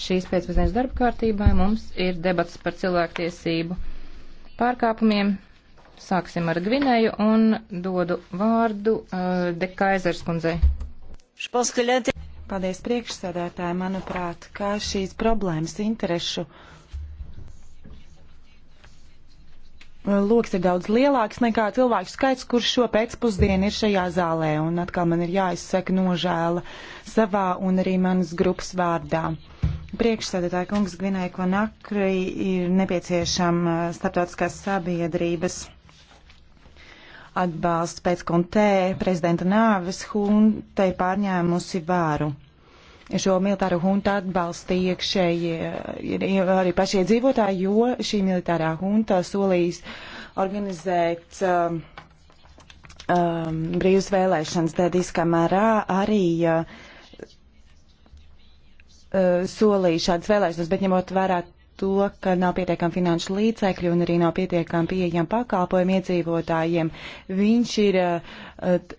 Šīs pēcpusdienas darba kārtībā mums ir debats par cilvēktiesību pārkāpumiem. Sāksim ar Gvinēju un dodu vārdu uh, Dekaizers kundzei. Paldies priekšsēdētāji, manuprāt, kā šīs problēmas interešu loks ir daudz lielāks nekā cilvēku skaits, kurš šo pēcpusdienu ir šajā zālē. Un atkal man ir jāizsaka nožēla savā un arī manas grupas vārdā. Priekšsēdētāja kungs Gvinai Konakri ir nepieciešama starptautiskās sabiedrības atbalsts pēc kontē prezidenta nāves hunta ir pārņēmusi vāru. Šo militāro huntu atbalstīja iekšēji arī pašie dzīvotāji, jo šī militārā hunta solīs organizēt um, um, brīvas vēlēšanas, tad izkamērā arī uh, Eh, solīja šādas vēlēšanas, bet ņemot vērā to, ka nav pietiekami finanšu līdzekļu un arī nav pietiekami pieejami pakalpojumi iedzīvotājiem, viņš ir, eh,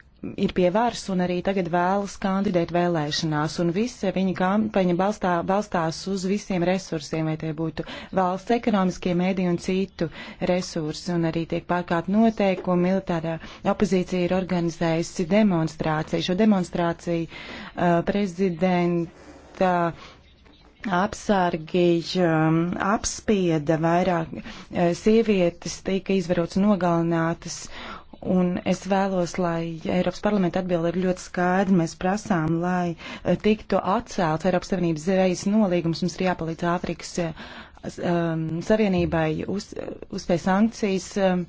ir pie varas un arī tagad vēlas kandidēt vēlēšanās. Un visa viņa kampaņa balstā, balstās uz visiem resursiem, vai tie būtu valsts ekonomiskie mēdī un citu resursi. Un arī tiek pārkāpt noteikumi, militārā opozīcija ir organizējusi demonstrāciju. Šo demonstrāciju uh, eh, prezidents uh, apsargi um, apspieda vairāk sievietes, tika izvarots nogalinātas. Un es vēlos, lai Eiropas parlamenta atbilde ir ļoti skaidra. Mēs prasām, lai tiktu atcēlts Eiropas Savienības reizes nolīgums. Mums ir jāpalīdz Āfrikas um, Savienībai uz, uzspēj sankcijas. Um,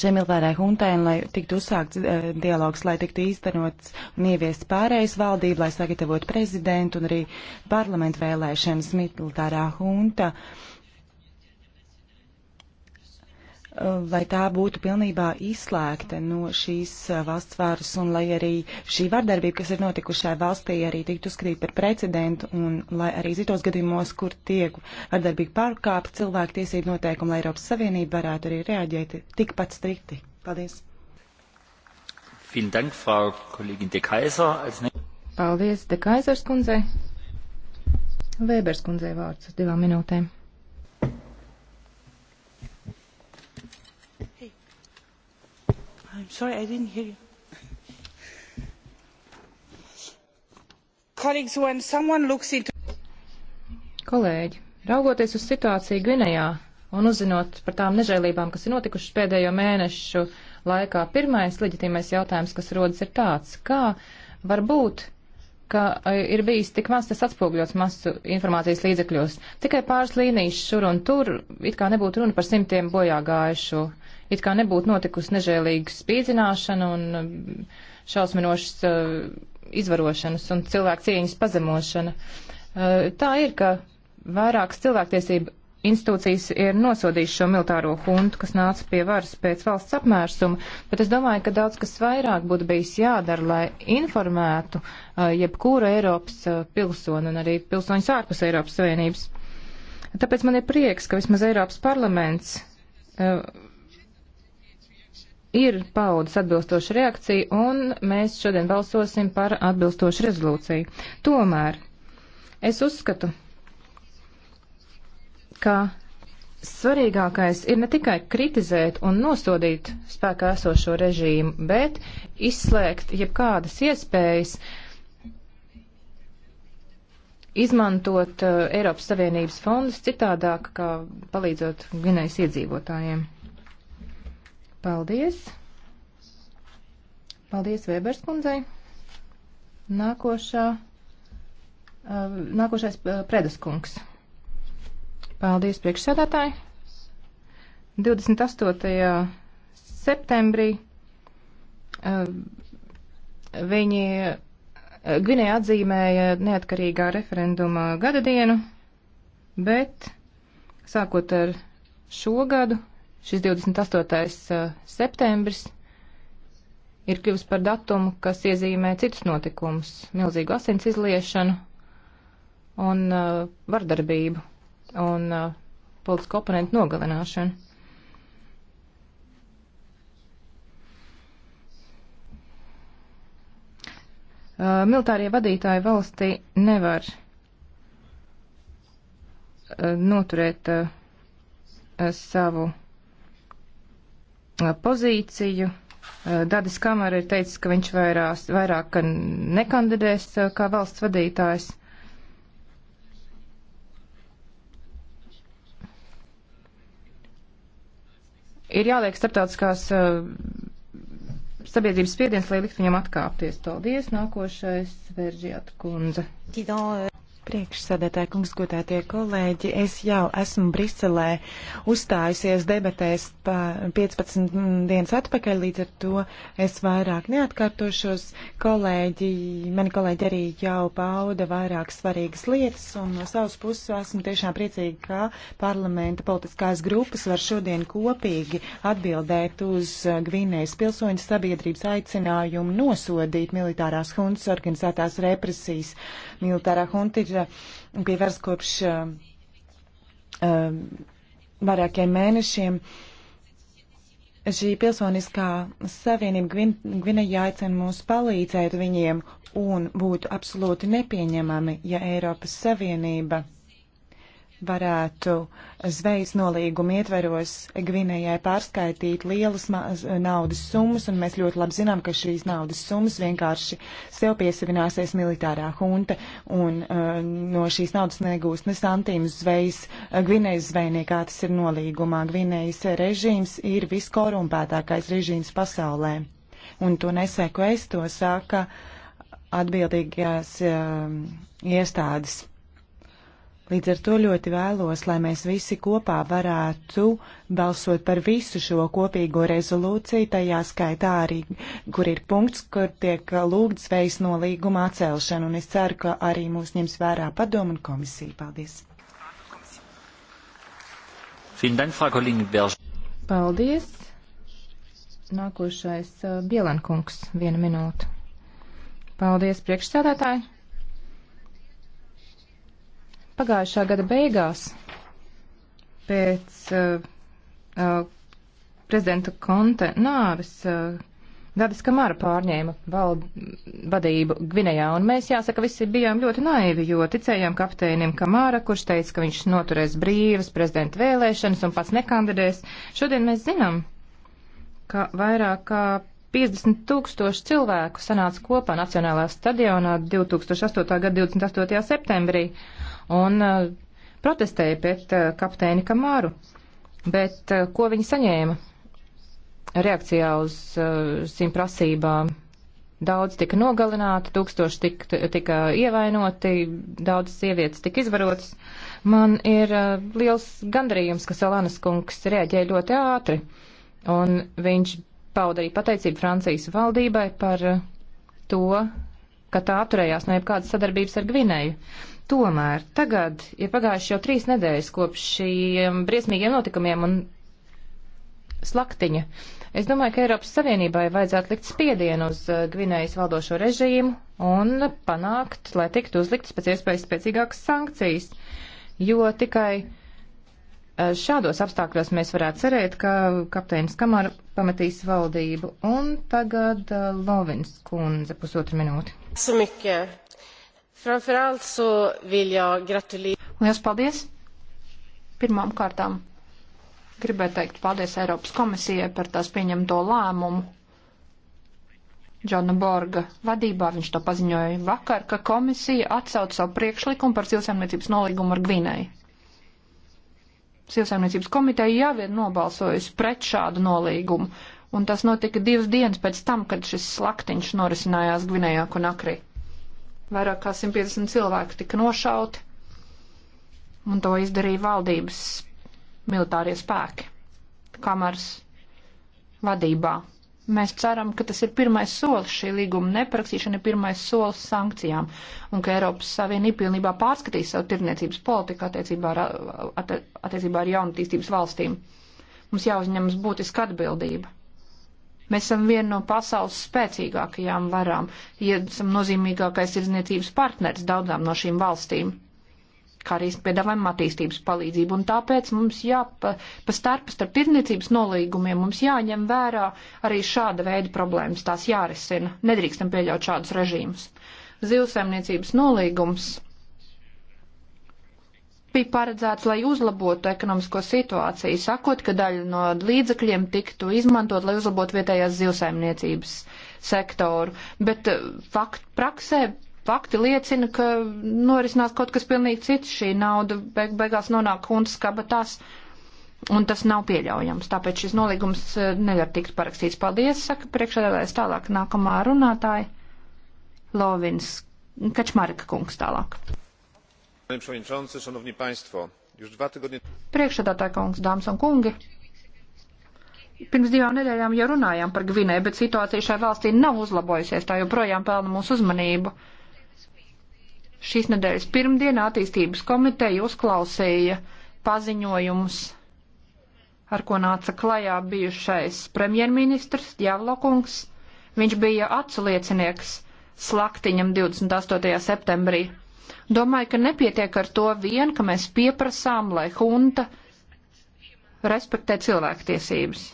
šiem militārai huntai un lai tiktu uzsākts uh, dialogs, lai tiktu īstenots un ieviests pārējais valdība, lai sagatavotu prezidentu un arī parlamentu vēlēšanas militārā hunta. Uh, lai tā būtu pilnībā izslēgta no šīs uh, valsts vāras un lai arī šī vardarbība, kas ir notikušai valstī, arī tiktu uzskatīt par precedentu un lai arī citos gadījumos, kur tiek vardarbīgi pārkāpta cilvēku tiesību noteikumi, lai Eiropas Savienība varētu arī reaģēt tikpat strikti. Paldies! Dank, Frau De Kaiser. Als... Paldies, De Kaisers kundzei. Vēbers kundzei vārds uz divām minūtēm. I'm sorry, I didn't hear you. Colleagues, when someone looks into... Kolēģi, raugoties uz situāciju Gvinējā un uzzinot par tām nežēlībām, kas ir notikušas pēdējo mēnešu laikā, pirmais leģitīmais jautājums, kas rodas, ir tāds, kā var būt, ka e, ir bijis tik maz tas atspūgļots masu informācijas līdzekļos. Tikai pāris līnijas šur un tur, it kā nebūtu runa par simtiem bojā gājušo, it kā nebūtu notikusi nežēlīga spīdzināšana un šausminošas uh, izvarošanas un cilvēku cieņas pazemošana. Uh, tā ir, ka vairākas cilvēktiesība institūcijas ir nosodījušas šo militāro huntu, kas nāca pie varas pēc valsts apmērsuma, bet es domāju, ka daudz kas vairāk būtu bijis jādara, lai informētu uh, jebkuru Eiropas uh, pilsonu un arī pilsoņus ārpus Eiropas Savienības. Tāpēc man ir prieks, ka vismaz Eiropas parlaments uh, ir paudas atbilstoša reakcija, un mēs šodien balsosim par atbilstošu rezolūciju. Tomēr es uzskatu, ka svarīgākais ir ne tikai kritizēt un nosodīt spēkā esošo režīmu, bet izslēgt jebkādas iespējas izmantot uh, Eiropas Savienības fondus citādāk, kā palīdzot Gvinējas iedzīvotājiem. Paldies! Paldies Vēberskundzei! Nākošā, uh, nākošais uh, predaskungs. Paldies, priekšsēdētāji. 28. septembrī eh, viņi eh, Gvinēja atzīmēja neatkarīgā referenduma gadadienu, bet sākot ar šo gadu, šis 28. Eh, septembris ir kļuvis par datumu, kas iezīmē citus notikumus - milzīgu asins izliešanu un vardarbību un uh, politisku oponentu nogalināšanu. Uh, militārie vadītāji valstī nevar uh, noturēt uh, uh savu uh, pozīciju. Uh, Dadis Kamara ir teicis, ka viņš vairās, vairāk nekandidēs kā valsts vadītājs. ir jāliek starptautiskās uh, sabiedrības spiediens, lai likt viņam atkāpties. Paldies, nākošais Veržiet kundze. Priekšsēdētāji, kungs, godētie kolēģi, es jau esmu Briselē uzstājusies debatēs 15 dienas atpakaļ, līdz ar to es vairāk neatkārtošos. Kolēģi, mani kolēģi arī jau pauda vairāk svarīgas lietas, un no savas puses esmu tiešām priecīga, ka parlamenta politiskās grupas var šodien kopīgi atbildēt uz Gvinējas pilsoņu sabiedrības aicinājumu nosodīt militārās huntas organizētās represijas. Militārā hunta ir Um, pie varas kopš um, um, vairākiem mēnešiem. Šī pilsoniskā savienība Gvin, Gvinējā aicina mūs palīdzēt viņiem un būtu absolūti nepieņemami, ja Eiropas Savienība varētu zvejas nolīguma ietveros Gvinējai pārskaitīt lielas naudas summas, un mēs ļoti labi zinām, ka šīs naudas summas vienkārši sev piesavināsies militārā hunta, un uh, no šīs naudas negūs ne santīmas zvejas uh, Gvinējas zvejniekā, tas ir nolīgumā. Gvinējas režīms ir viskorumpētākais režīms pasaulē, un to nesēku es, to saka atbildīgās uh, iestādes. Līdz ar to ļoti vēlos, lai mēs visi kopā varētu balsot par visu šo kopīgo rezolūciju, tajā skaitā arī, kur ir punkts, kur tiek lūgts veids no līguma atcelšanu, un es ceru, ka arī mūs ņems vērā padomu un komisija. Paldies! Paldies! Nākošais uh, Bielankungs, viena minūte. Paldies, priekšsēdētāji! Pagājušā gada beigās pēc uh, uh, prezidenta Konte nāves uh, Dadis Kamara pārņēma vald, vadību Gvinējā, un mēs, jāsaka, visi bijām ļoti naivi, jo ticējām kapteinim Kamara, kurš teica, ka viņš noturēs brīvas prezidenta vēlēšanas un pats nekandidēs. Šodien mēs zinām, ka vairāk kā 50 tūkstoši cilvēku sanāca kopā Nacionālajā stadionā 2008. gada 28. septembrī, un eh, protestēja pret eh, kapteini Kamāru. Bet eh, ko viņi saņēma reakcijā uz šīm prasībām? Daudz tika nogalināti, tūkstoši tika, tika ievainoti, daudz sievietes tika izvarotas. Man ir liels gandarījums, ka Solanas kungs reaģēja ļoti ātri, un viņš pauda arī pateicību Francijas valdībai par to, ka tā atturējās no jebkādas sadarbības ar Gvinēju. Tomēr tagad ir pagājuši jau trīs nedēļas kopš šiem briesmīgiem notikumiem un slaktiņa. Es domāju, ka Eiropas Savienībai vajadzētu likt spiedienu uz eh, Gvinējas valdošo režīmu un panākt, lai tiktu uzliktas pēc iespējas spēcīgākas sankcijas, jo tikai eh, šādos apstākļos mēs varētu cerēt, ka kapteinis Kamara pametīs valdību. Un tagad eh, Lovins kundze pusotru minūti. Sumikē. Lielas paldies! Pirmām kārtām gribētu teikt paldies Eiropas komisijai par tās pieņemto lēmumu. Džona Borga vadībā viņš to paziņoja vakar, ka komisija atsauc savu priekšlikumu par cilvēcības nolīgumu ar Gvinēju. Cilvēcības komiteja jau ir nobalsojusi pret šādu nolīgumu, un tas notika divas dienas pēc tam, kad šis slaktiņš norisinājās Gvinējā Konakrī. Vairāk kā 150 cilvēku tika nošauti, un to izdarīja valdības militārie spēki, kameras vadībā. Mēs ceram, ka tas ir pirmais solis, šī līguma neprakstīšana ir pirmais solis sankcijām, un ka Eiropas Savienība pilnībā pārskatīs savu tirniecības politiku attiecībā ar, attiecībā ar jaunatīstības valstīm. Mums jāuzņemas būtiska atbildība. Mēs esam viena no pasaules spēcīgākajām varām, ja esam nozīmīgākais izniecības partners daudzām no šīm valstīm kā arī piedāvājam attīstības palīdzību. Un tāpēc mums jāpastarp starp tirniecības nolīgumiem, mums jāņem vērā arī šāda veida problēmas, tās jārisina. Nedrīkstam pieļaut šādus režīmus. Zivsaimniecības nolīgums bija paredzēts, lai uzlabotu ekonomisko situāciju, sakot, ka daļa no līdzekļiem tiktu izmantot, lai uzlabotu vietējās zivsaimniecības sektoru. Bet eh, fakt, praksē fakti liecina, ka norisinās kaut kas pilnīgi cits. Šī nauda beig beigās nonāk huntas kabatās. Un tas nav pieļaujams, tāpēc šis nolīgums eh, nevar tikt parakstīts. Paldies, saka priekšādātājs tālāk nākamā runātāja Lovins Kačmarika kungs tālāk. Priekšsēdētāja kungs, dāmas un kungi, pirms divām nedēļām jau runājām par Gvinēju, bet situācija šajā valstī nav uzlabojusies, tā joprojām pelna mūsu uzmanību. Šīs nedēļas pirmdienā attīstības komiteja uzklausīja paziņojumus, ar ko nāca klajā bijušais premjerministrs Javlokungs. Viņš bija atsliecinieks slaktiņam 28. septembrī. Domāju, ka nepietiek ar to vien, ka mēs pieprasām, lai hunta respektē cilvēktiesības.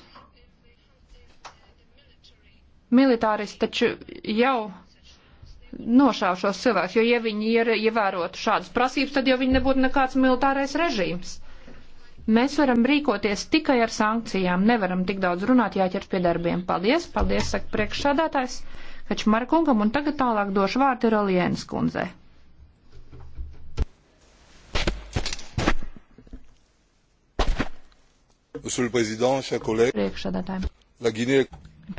Militāristi taču jau nošāva šos cilvēkus, jo, ja viņi ir, ievērotu šādas prasības, tad jau viņi nebūtu nekāds militārais režīms. Mēs varam rīkoties tikai ar sankcijām, nevaram tik daudz runāt, jāķers pie darbiem. Paldies, paldies, saka priekšsādātājs Kačmarkungam, un tagad tālāk došu vārdu Rolienas kundzei. Priekšsēdētāji.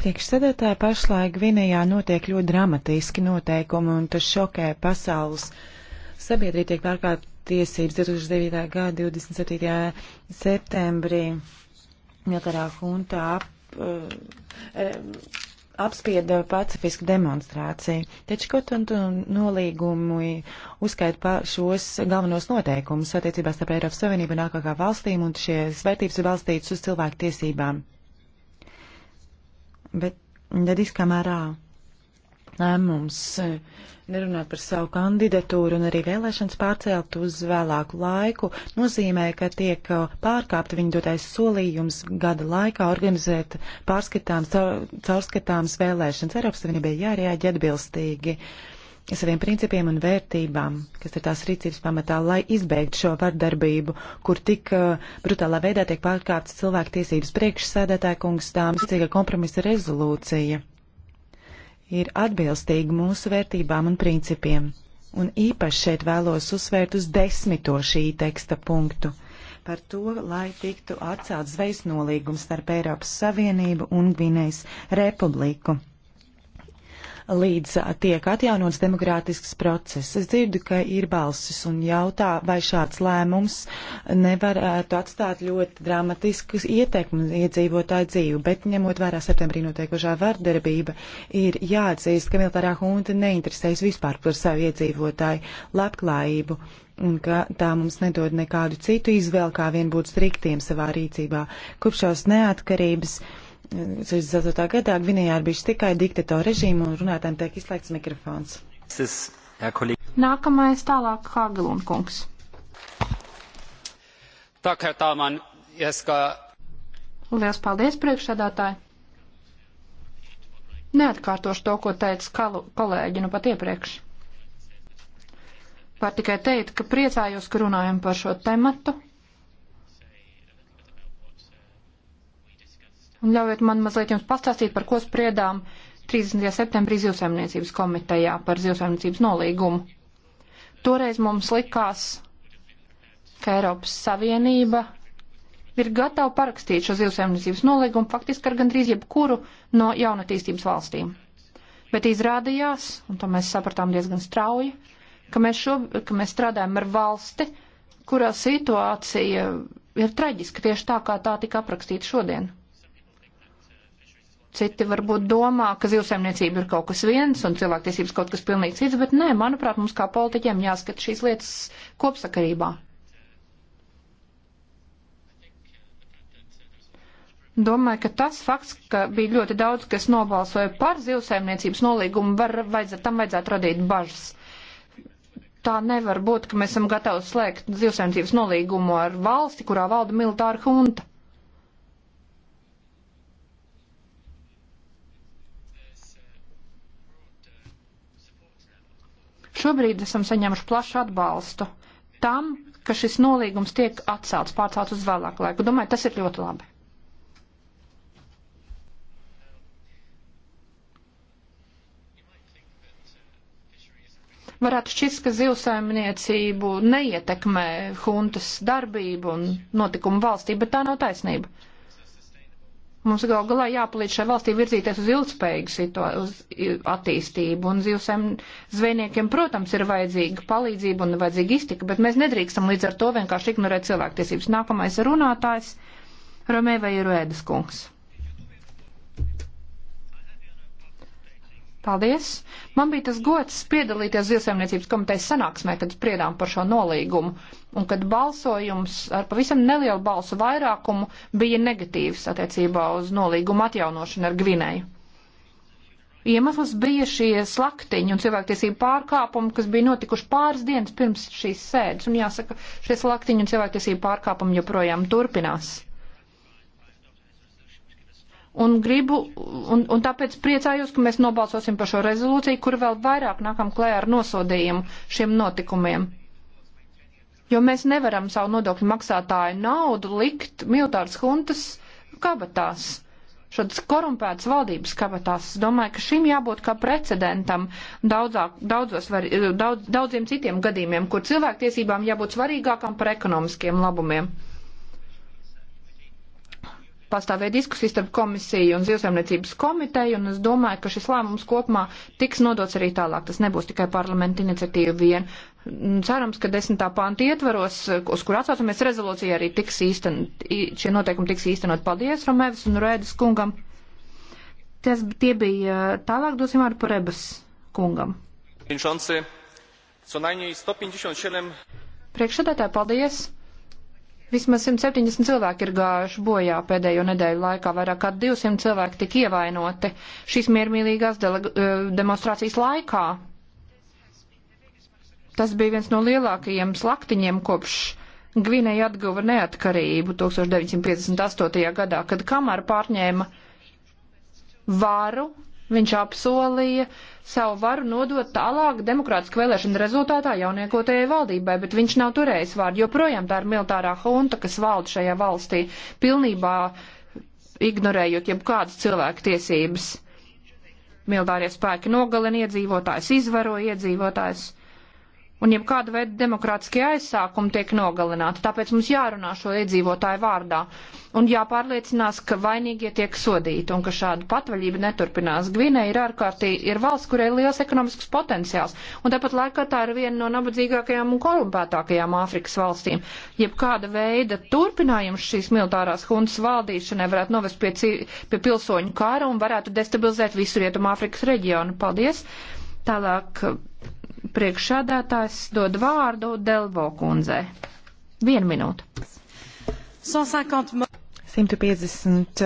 Priekšsēdētāji pašlaik Gvinējā notiek ļoti dramatiski noteikumi un tas šokē pasaules sabiedrību tiek pārkāpt tiesības 2009. gada 27. septembrī militārā hunta ap, uh, uh, apspieda uh, pacifisku demonstrāciju. Taču Kotonu uh, nolīgumi uzskaita šos galvenos noteikumus attiecībās starp Eiropas Savienību un ārkārtā valstīm, un šīs vērtības ir balstītas uz cilvēku tiesībām. Bet, ja diskā mērā lēmums e, nerunāt par savu kandidatūru un arī vēlēšanas pārcelt uz vēlāku laiku nozīmē, ka tiek e, pārkāpta viņa dotais solījums gada laikā organizēt pārskatāms, caurskatāms vēlēšanas. Eiropas Savienībai jārēģi atbilstīgi saviem principiem un vērtībām, kas ir tās rīcības pamatā, lai izbeigtu šo vardarbību, kur tik uh, brutālā veidā tiek pārkāptas cilvēku tiesības priekšsēdētāja kungs, dāmas, cik kompromisa rezolūcija ir atbilstīga mūsu vērtībām un principiem. Un īpaši šeit vēlos uzsvērt uz desmito šī teksta punktu par to, lai tiktu atcelts zvejas nolīgums starp Eiropas Savienību un Gvinējas Republiku līdz tiek atjaunots demokrātisks process. Es dzirdu, ka ir balsis un jautā, vai šāds lēmums nevarētu atstāt ļoti dramatiskas ietekmes iedzīvotāju dzīvi, bet ņemot vērā septembrī notiekošā vardarbība, ir jāatzīst, ka militārā hunta neinteresējas vispār par savu iedzīvotāju labklājību un ka tā mums nedod nekādu citu izvēlu, kā vien būt striktiem savā rīcībā. Kopš šās neatkarības uh, 64. gadā Gvinējā ir bijis tikai diktatora režīma un runātājiem tiek izslēgts mikrofons. Uh, Nākamais tālāk Hagelun kungs. Tā kā tā man ieskā. Lielas paldies priekšsēdātāji. Neatkārtošu to, ko teica kolēģi nu pat iepriekš. Var tikai teikt, ka priecājos, ka runājam par šo tematu Un ļaujiet man mazliet jums pastāstīt, par ko spriedām 30. septembrī zivsaimniecības komitejā par zivsaimniecības nolīgumu. Toreiz mums likās, ka Eiropas Savienība ir gatava parakstīt šo zivsaimniecības nolīgumu faktiski ar gandrīz jebkuru no jaunatīstības valstīm. Bet izrādījās, un to mēs sapratām diezgan strauji, ka mēs, šo, ka mēs strādājam ar valsti, kurā situācija ir traģiska tieši tā, kā tā tika aprakstīta šodien. Citi varbūt domā, ka zivsaimniecība ir kaut kas viens un cilvēktiesības kaut kas pilnīgi cits, bet nē, manuprāt, mums kā politiķiem jāskat šīs lietas kopsakarībā. Domāju, ka tas fakts, ka bija ļoti daudz, kas nobalsoja par zivsaimniecības nolīgumu, var, vajadzēt, tam vajadzētu radīt bažas. Tā nevar būt, ka mēs esam gatavi slēgt zivsaimniecības nolīgumu ar valsti, kurā valda militāra hunta. Šobrīd esam saņēmuši plašu atbalstu tam, ka šis nolīgums tiek atcelts, pārcelts uz vēlāku laiku. Domāju, tas ir ļoti labi. varētu šķist, ka zivsaimniecību neietekmē huntas darbību un notikumu valstī, bet tā nav taisnība. Mums gal galā jāpalīdz šai valstī virzīties uz ilgspējīgu situāciju, attīstību, un zivsēm zvejniekiem, protams, ir vajadzīga palīdzība un vajadzīga iztika, bet mēs nedrīkstam līdz ar to vienkārši ignorēt cilvēktiesības. Nākamais runātājs Romēva ir Rēdas kungs. Paldies! Man bija tas gods piedalīties Zilsaimniecības komitejas sanāksmē, kad spriedām par šo nolīgumu, un kad balsojums ar pavisam nelielu balsu vairākumu bija negatīvs attiecībā uz nolīgumu atjaunošanu ar Gvinēju. Iemesls bija šie slaktiņi un cilvēktiesību pārkāpumi, kas bija notikuši pāris dienas pirms šīs sēdes. Un jāsaka, šie slaktiņi un cilvēktiesību pārkāpumi joprojām turpinās un gribu, un, un tāpēc priecājos, ka mēs nobalsosim par šo rezolūciju, kur vēl vairāk nākam klējā ar nosodījumu šiem notikumiem. Jo mēs nevaram savu nodokļu maksātāju naudu likt militāras huntas kabatās, šādas korumpētas valdības kabatās. Es domāju, ka šim jābūt kā precedentam daudzāk, daudzos, var, daudz, daudziem citiem gadījumiem, kur cilvēktiesībām jābūt svarīgākam par ekonomiskiem labumiem pastāvēja diskusijas starp komisiju un zivsaimniecības komiteju, un es domāju, ka šis lēmums kopumā tiks nodots arī tālāk. Tas nebūs tikai parlamenta iniciatīva vien. Cerams, ka desmitā panta ietvaros, uz kur atsaucamies rezolūcija, arī tiks īstenot, šie noteikumi tiks īstenot. Paldies Romēvis un Rēdis kungam. Tas, tie bija tālāk, dosim ar Purebas kungam. Priekšsēdētāji, paldies! Vismaz 170 cilvēki ir gājuši bojā pēdējo nedēļu laikā, vairāk kā 200 cilvēki tika ievainoti šīs miermīlīgās eh, demonstrācijas laikā. Tas bija viens no lielākajiem slaktiņiem kopš Gvinēja atguva neatkarību 1958. gadā, kad Kamara pārņēma varu Viņš apsolīja savu varu nodot tālāk demokrātisku vēlēšanu rezultātā jauniekotajai valdībai, bet viņš nav turējis vārdu. Joprojām tā ir militārā hunta, kas valda šajā valstī, pilnībā ignorējot jebkādas cilvēku tiesības. Militārie spēki nogalina iedzīvotājs, izvaro iedzīvotājs un jau kāda veida demokrātiskie aizsākumi tiek nogalināti. Tāpēc mums jārunā šo iedzīvotāju vārdā un jāpārliecinās, ka vainīgie tiek sodīti un ka šāda patvaļība neturpinās. Gvinē ir ārkārtīgi, ir valsts, kurai ir liels ekonomisks potenciāls, un tāpat laikā tā ir viena no nabadzīgākajām un korumpētākajām Āfrikas valstīm. Jeb kāda veida turpinājums šīs militārās huntas valdīšanai varētu novest pie, pie pilsoņu kara un varētu destabilizēt visu Rietumu Āfrikas reģionu. Paldies! Tālāk priekšādātājs dod vārdu Delvo kundzei. Vienu minūtu. 150, 150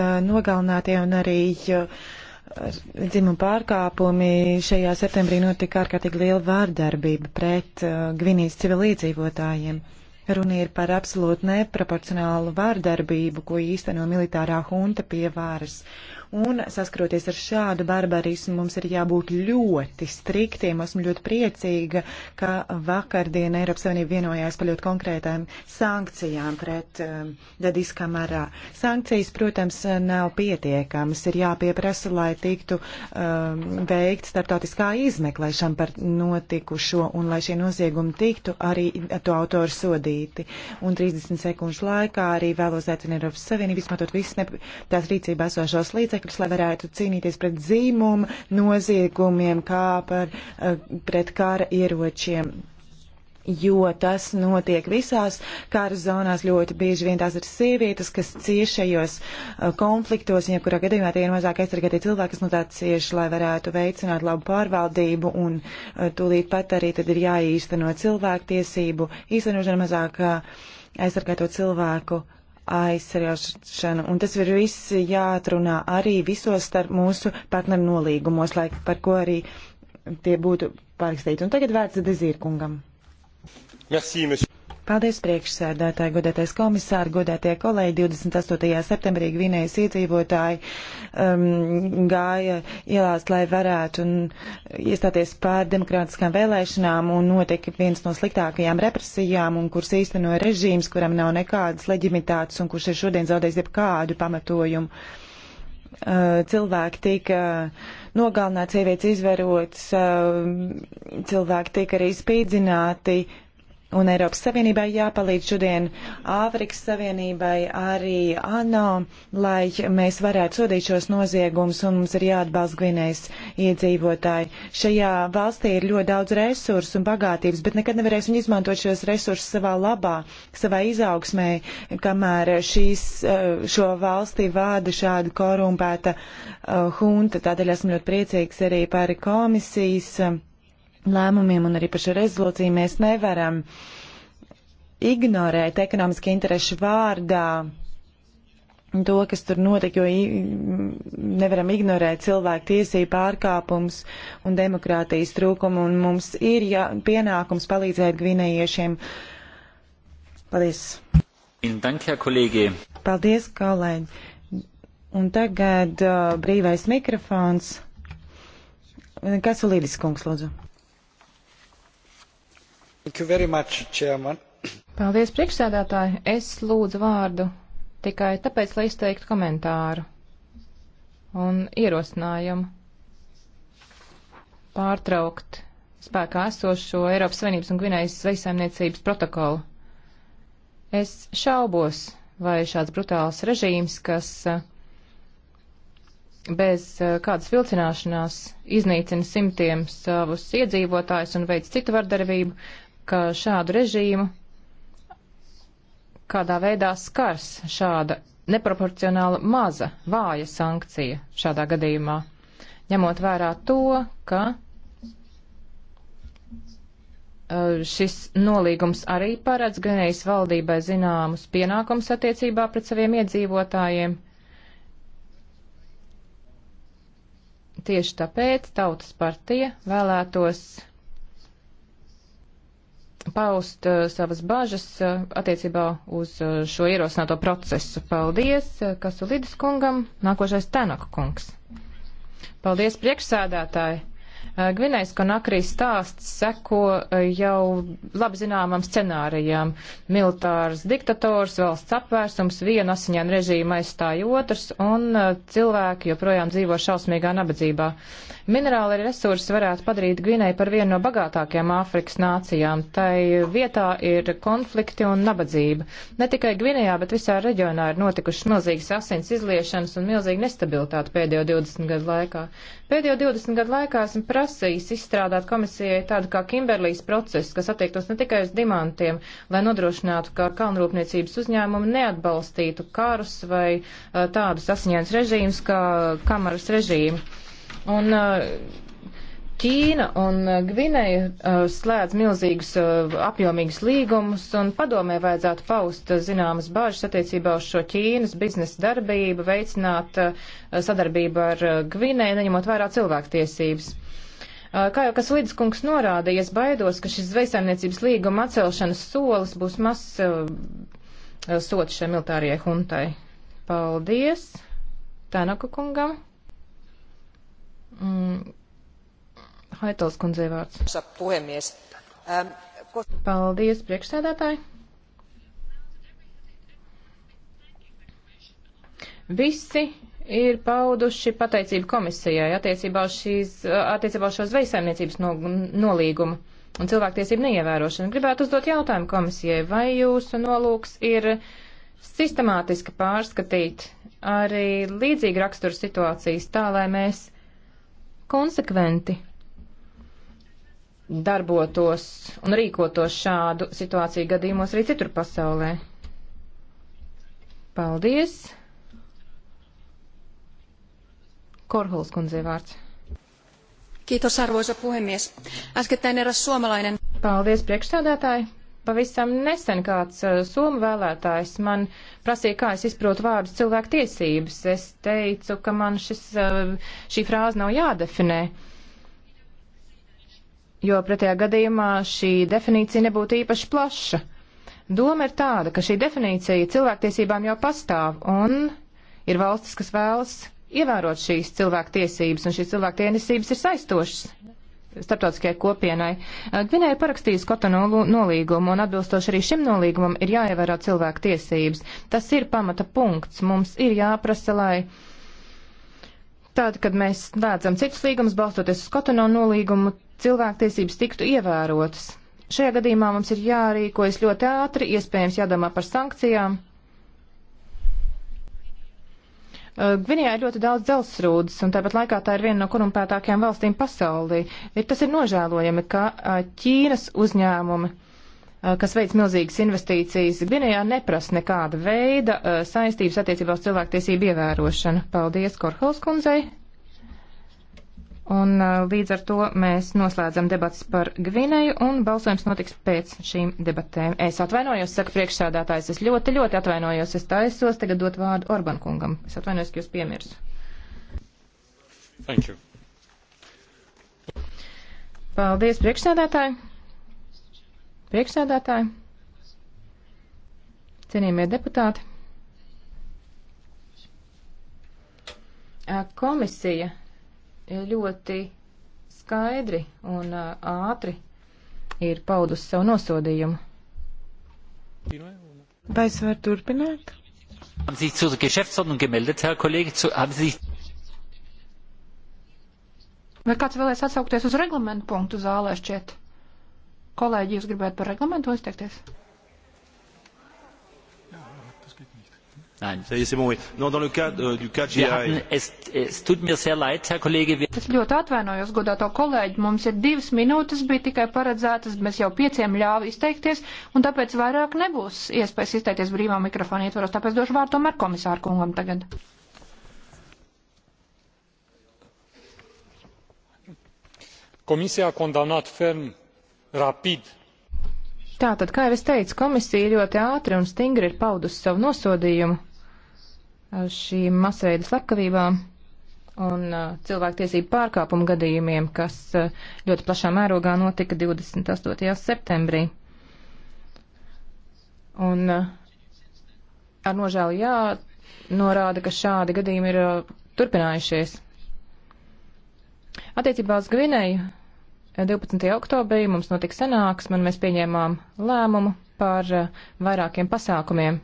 uh, nogalinātie un arī uh, dzimumu pārkāpumi šajā septembrī notika ārkārtīgi liela vārdarbība pret uh, Gvinijas civilīdzīvotājiem. Runa ir par absolūti neproporcionālu vārdarbību, ko īsteno militārā hunta pie vāras. Uh, Un saskaroties ar šādu barbarismu, mums ir jābūt ļoti striktiem. Esmu ļoti priecīga, ka vakardien Eiropas Savienība vienojās par ļoti konkrētām sankcijām pret um, Dadis kamerā. Sankcijas, protams, nav pietiekamas. Ir jāpieprasa, lai tiktu um, veikt starptautiskā izmeklēšana par notikušo un lai šie noziegumi tiktu arī to autoru sodīti. Un 30 sekundžu laikā arī vēlos aicināt Eiropas Savienību izmantot visas tās rīcībā esošos līdzekļus līdzekļus, lai varētu cīnīties pret zīmumu noziegumiem, kā par, eh, pret kara ieročiem jo tas notiek visās kara zonās. Ļoti bieži vien tās ir sievietes, kas ciešajos eh, konfliktos, ja kurā gadījumā tie ir mazāk aizsargātie cilvēki, kas no tā cieši, lai varētu veicināt labu pārvaldību un eh, tūlīt pat arī tad ir jāīsteno cilvēku tiesību īstenošana mazāk aizsargāto cilvēku aizsargāšanu. Un tas ir viss jāatrunā arī visos starp mūsu partneru nolīgumos, lai par ko arī tie būtu pārrakstīti. Un tagad vērts Dezirkungam. Merci, monsieur. Paldies priekšsēdētāji, godētais komisāri, godētie kolēģi. 28. septembrī Gvinējas iedzīvotāji um, gāja ielās, lai varētu un, iestāties pār demokrātiskām vēlēšanām un notika viens no sliktākajām represijām, un kuras īstenoja režīms, kuram nav nekādas leģimitātes un kurš ir šodien zaudējis jebkādu pamatojumu. Uh, cilvēki tika nogalināti, sievietes izverotas, uh, cilvēki tika arī spīdzināti. Uh, Un Eiropas Savienībai jāpalīdz šodien Āfrikas Savienībai arī ANO, lai mēs varētu sodīt šos noziegumus un mums ir jāatbalsta Gvinējas iedzīvotāji. Šajā valstī ir ļoti daudz resursu un bagātības, bet nekad nevarēsim izmantot šos resursus savā labā, savā izaugsmē, kamēr šīs, eh, šo valstī vāda šāda korumpēta uh, hunta. Tādēļ esmu ļoti priecīgs arī par komisijas. Uh, lēmumiem un arī par šo rezolūciju mēs nevaram ignorēt ekonomiski interešu vārdā to, kas tur notika, jo nevaram ignorēt cilvēku tiesību pārkāpums un demokrātijas trūkumu, un mums ir jā, pienākums palīdzēt gvinējiešiem. Paldies! Dank, Paldies, kolēģi! Un tagad uh, brīvais mikrofons. Kasulīdis kungs, lūdzu. Much, Paldies, priekšsēdētāji. Es lūdzu vārdu tikai tāpēc, lai izteiktu komentāru un ierosinājumu pārtraukt spēkā esošo Eiropas Savienības un Gvinējas zvejsaimniecības protokolu. Es šaubos, vai šāds brutāls režīms, kas eh, bez eh, kādas vilcināšanās iznīcina simtiem savus iedzīvotājus un veids citu vardarbību, ka šādu režīmu kādā veidā skars šāda neproporcionāla maza, vāja sankcija šādā gadījumā, ņemot vērā to, ka e, šis nolīgums arī paredz Gvinējas valdībai zināmus pienākums attiecībā pret saviem iedzīvotājiem. Tieši tāpēc Tautas partija vēlētos paust uh, savas bažas uh, attiecībā uz uh, šo ierosināto procesu. Paldies, uh, Kasulidis kungam, nākošais Tenaka kungs. Paldies, priekšsēdētāji! Gvinējas Konakrī stāsts seko e, jau labi zināmam scenārijam. Militārs diktators, valsts apvērsums, viena asiņaina režīma aizstāja otrs, un e, cilvēki joprojām dzīvo šausmīgā nabadzībā. Minerāli resursi varētu padarīt Gvinēju par vienu no bagātākajām Āfrikas nācijām. Tai vietā ir konflikti un nabadzība. Ne tikai Gvinējā, bet visā reģionā ir notikušas milzīgas asins izliešanas un milzīga nestabilitāte pēdējo 20 gadu laikā. Pēdējo 20 gadu laikā esmu prasījis, prasījis izstrādāt komisijai tādu kā Kimberlīs procesu, kas attiektos ne tikai uz dimantiem, lai nodrošinātu, ka kalnrūpniecības uzņēmumi neatbalstītu karus vai tādus asiņains režīmus kā kamaras režīmu. Un, Ķīna un Gvineja uh, slēdz milzīgus uh, apjomīgus līgumus, un padomē vajadzētu paust uh, zināmas bāžas attiecībā uz šo Ķīnas biznesa darbību, veicināt sadarbību ar Gvineju, neņemot vērā cilvēktiesības. Kā jau kas līdzkungs norādīja, es baidos, ka šis zvejsaimniecības līguma atcelšanas solis būs mazs uh, sots šai militārajai huntai. Paldies Tanaka kungam. Mm. Haitals kundzei vārds. Puhemies. Um, ko... Paldies priekšsēdētāji. Visi ir pauduši pateicību komisijai attiecībā uz, šīs, attiecībā uz šo zvejsaimniecības no, nolīgumu un cilvēktiesību neievērošanu. Gribētu uzdot jautājumu komisijai, vai jūsu nolūks ir sistemātiski pārskatīt arī līdzīgu raksturu situācijas tā, lai mēs konsekventi darbotos un rīkotos šādu situāciju gadījumos arī citur pasaulē. Paldies! Korhols kundzei vārds. Kiitos, arvoisa puhemies. Äskettäin eräs suomalainen. Paldies, priekšstādātāji. Pavisam nesen kāds uh, eh, somu vēlētājs man prasīja, kā es izprotu vārdus cilvēku tiesības. Es teicu, ka man šis, uh, šī frāze nav jādefinē, jo pretējā gadījumā šī definīcija nebūtu īpaši plaša. Doma ir tāda, ka šī definīcija cilvēktiesībām jau pastāv un ir valstis, kas vēlas ievērot šīs cilvēku tiesības, un šīs cilvēku tiesības ir saistošas starptautiskajai kopienai. Eh, Gvinēja ir parakstījusi Kotonu nolīgumu, un atbilstoši arī šim nolīgumam ir jāievēro cilvēku tiesības. Tas ir pamata punkts. Mums ir jāprasa, lai tāda, kad mēs slēdzam citus līgumus, balstoties uz Kotonu nolīgumu, cilvēku tiesības tiktu ievērotas. Šajā gadījumā mums ir jārīkojas ļoti ātri, iespējams jādomā par sankcijām Eh, Gvinijā ir ļoti daudz dzelzsrūdas, un tāpat laikā tā ir viena no korumpētākajām valstīm pasaulī. Ir, tas ir nožēlojami, ka eh, Ķīnas uzņēmumi eh, kas veids milzīgas investīcijas, Gvinējā neprasa nekāda veida saistības attiecībā uz cilvēktiesību ievērošanu. Paldies Korhols kundzei. Un uh, līdz ar to mēs noslēdzam debats par Gvineju un balsojums notiks pēc šīm debatēm. Es atvainojos, saka priekšsādātājs, es ļoti, ļoti atvainojos, es taisos tagad dot vārdu Orban kungam. Es atvainojos, ka jūs piemirsu. Thank you. Paldies, priekšsādātāji. Priekšsādātāji. Cienījamie deputāti. Komisija ļoti skaidri un ātri ir paudusi savu nosodījumu. Vai es varu turpināt? Haben Sie sich zur Geschäftsordnung gemeldet, Herr Kollege? Zu, haben Sie sich Vai kāds vēlēs atsaukties uz reglamentu punktu zālē šķiet? Kolēģi, jūs gribētu par reglamentu izteikties? Nein. Bon, oui. no, euh, hatten, es, es tut mir sehr leid, Herr Kollege. Es ļoti atvainojos, godāto kolēģi. Mums ir divas minūtes, bija tikai paredzētas, mēs jau pieciem ļāvu izteikties, un tāpēc vairāk nebūs iespējas izteikties brīvā mikrofona ietvaros. Tāpēc došu vārdu tomēr komisāru kungam tagad. Komisija a condamnat ferm, rapid Tātad, kā jau es teicu, komisija ļoti ātri un stingri ir paudusi savu nosodījumu šīm masveida slepkavībām un uh, cilvēktiesību pārkāpumu gadījumiem, kas uh, ļoti plašā mērogā notika 28. septembrī. Un uh, ar nožēlu jānorāda, ka šādi gadījumi ir turpinājušies. Attiecībā uz Gvinēju 12. oktobrī mums notika sanāksme un mēs pieņēmām lēmumu par vairākiem pasākumiem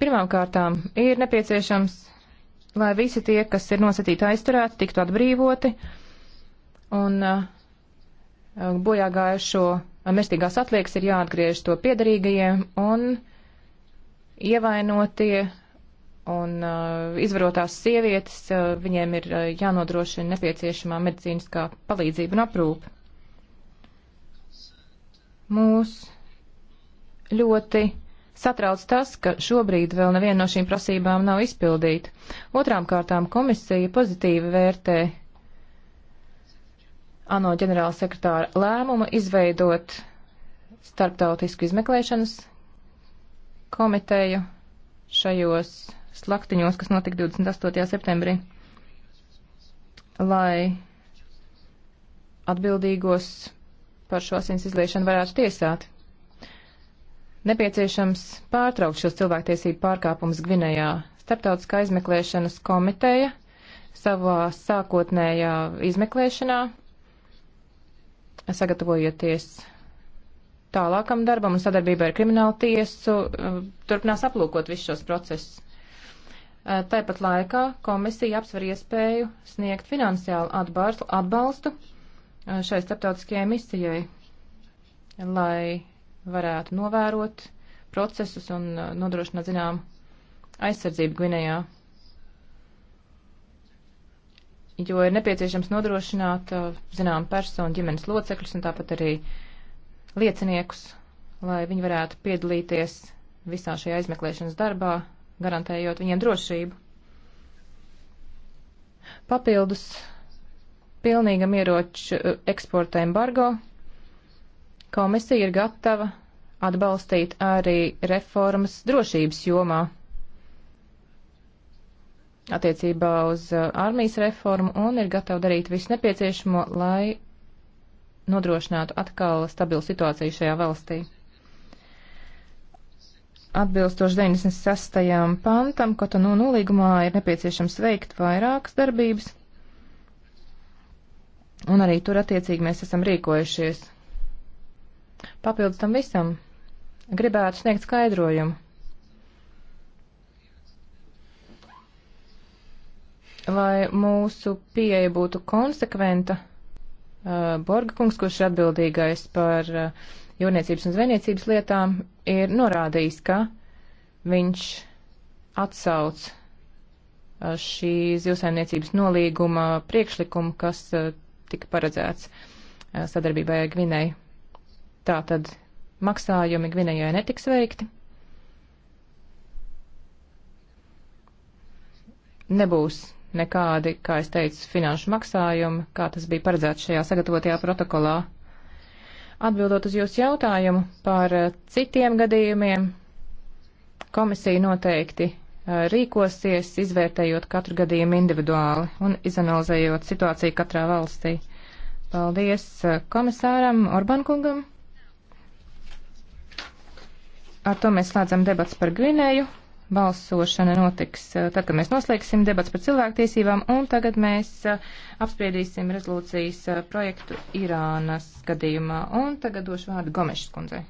Pirmkārtām ir nepieciešams, lai visi tie, kas ir nosacīti aizturēti, tiktu atbrīvoti un uh, bojā gājušo mirstīgās atliekas ir jāatgriež to piedarīgajiem un ievainotie un uh, izvarotās sievietes, uh, viņiem ir uh, jānodrošina nepieciešamā medicīniskā palīdzība un aprūpe. Mūs ļoti Satrauc tas, ka šobrīd vēl neviena no šīm prasībām nav izpildīta. Otrām kārtām komisija pozitīvi vērtē ANO ģenerāla sekretāra lēmumu izveidot starptautisku izmeklēšanas komiteju šajos slaktiņos, kas notika 28. septembrī, lai atbildīgos par šo asins izliešanu varētu tiesāt nepieciešams pārtraukt šos cilvēktiesību pārkāpumus Gvinējā. Starptautiskā izmeklēšanas komiteja savā sākotnējā izmeklēšanā, sagatavojoties tālākam darbam un sadarbībā ar kriminālu tiesu, uh, turpinās aplūkot visus šos procesus. Uh, tāpat laikā komisija apsver iespēju sniegt finansiālu atbalstu uh, šai starptautiskajai misijai, lai varētu novērot procesus un uh, nodrošināt zinām aizsardzību Gvinējā. Jo ir nepieciešams nodrošināt uh, zinām personu ģimenes locekļus un tāpat arī lieciniekus, lai viņi varētu piedalīties visā šajā aizmeklēšanas darbā, garantējot viņiem drošību. Papildus pilnīgam ieroču uh, eksporta embargo Komisija ir gatava atbalstīt arī reformas drošības jomā attiecībā uz uh, armijas reformu un ir gatava darīt visu nepieciešamo, lai nodrošinātu atkal stabilu situāciju šajā valstī. Atbilstoši 96. pantam, ko tu nu nolīgumā ir nepieciešams veikt vairākas darbības, un arī tur attiecīgi mēs esam rīkojušies. Papildus tam visam gribētu sniegt skaidrojumu. Lai mūsu pieeja būtu konsekventa, uh, Borga kungs, kurš ir atbildīgais par uh, jūrniecības un zvejniecības lietām, ir norādījis, ka viņš atsauc uh, šī zivsaimniecības nolīguma priekšlikumu, kas uh, tika paredzēts uh, sadarbībai ar Gvinēju. Tātad maksājumi Gvinējai netiks veikti. Nebūs nekādi, kā es teicu, finanšu maksājumi, kā tas bija paredzēts šajā sagatavotajā protokolā. Atbildot uz jūsu jautājumu par eh, citiem gadījumiem, komisija noteikti eh, rīkosies, izvērtējot katru gadījumu individuāli un izanalizējot situāciju katrā valstī. Paldies eh, komisāram Orbankungam! Ar to mēs slēdzam debats par Gvinēju. Balsošana notiks eh, tad, kad mēs noslēgsim debats par cilvēktiesībām, un tagad mēs eh, apspriedīsim rezolūcijas eh, projektu Irānas gadījumā. Un tagad došu vārdu Gomešas kundzei.